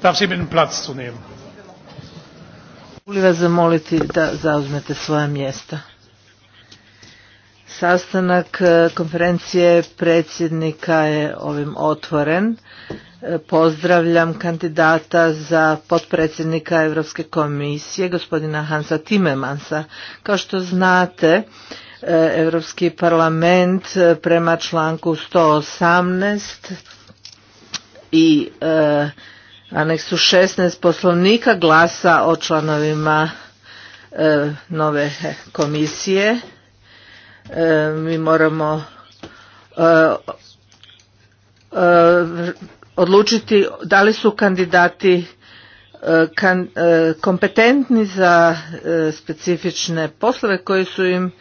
Darf Sie bitten, Platz zu vas zamoliti da zauzmete svoja mjesta. Sastanak e, konferencije predsjednika je ovim otvoren. E, pozdravljam kandidata za potpredsjednika Europske komisije, gospodina Hansa Timemansa. Kao što znate, e, Europski parlament prema članku 118 i aneksu 16 poslovnika glasa o članovima e, nove komisije. E, mi moramo e, odlučiti da li su kandidati kompetentni za specifične poslove koji su im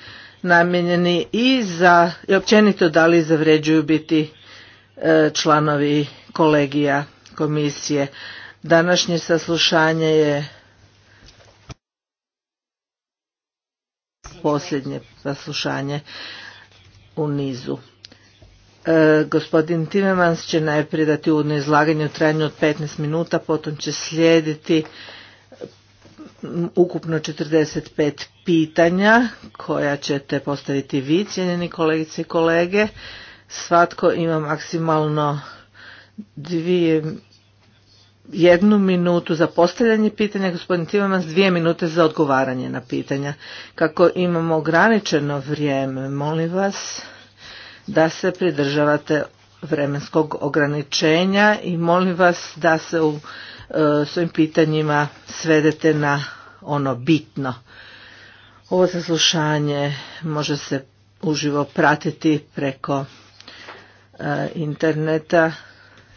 namijenjeni i za i općenito da li zavređuju biti članovi kolegija komisije. Današnje saslušanje je posljednje saslušanje u nizu. E, gospodin Timemans će najprije dati uvodno izlaganje u trajanju od 15 minuta, potom će slijediti ukupno 45 pitanja koja ćete postaviti vi, cijenjeni kolegice i kolege. Svatko ima maksimalno dvije jednu minutu za postavljanje pitanja, gospodin Timemans dvije minute za odgovaranje na pitanja. Kako imamo ograničeno vrijeme, molim vas da se pridržavate vremenskog ograničenja i molim vas da se u e, svojim pitanjima svedete na ono bitno. Ovo saslušanje može se uživo pratiti preko e, interneta.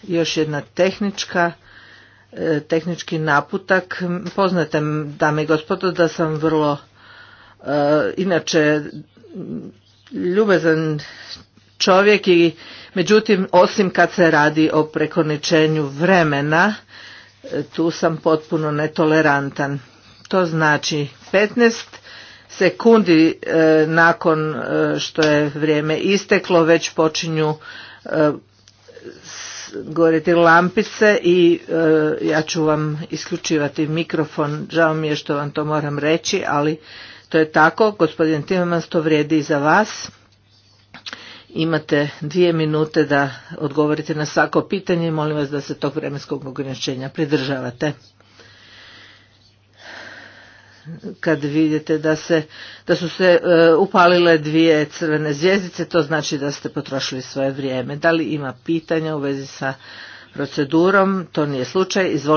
Još jedna tehnička E, tehnički naputak. Poznate, dame i gospodo, da sam vrlo e, inače ljubezan čovjek i međutim osim kad se radi o prekoničenju vremena e, tu sam potpuno netolerantan. To znači 15 sekundi nakon što je vrijeme isteklo već počinju Govoriti lampice i e, ja ću vam isključivati mikrofon. Žao mi je što vam to moram reći, ali to je tako. Gospodin Timemans, to vrijedi i za vas. Imate dvije minute da odgovorite na svako pitanje i molim vas da se tog vremenskog ograničenja pridržavate kad vidite da, se, da su se e, upalile dvije crvene zvjezdice, to znači da ste potrošili svoje vrijeme. Da li ima pitanja u vezi sa procedurom? To nije slučaj. Izvolite.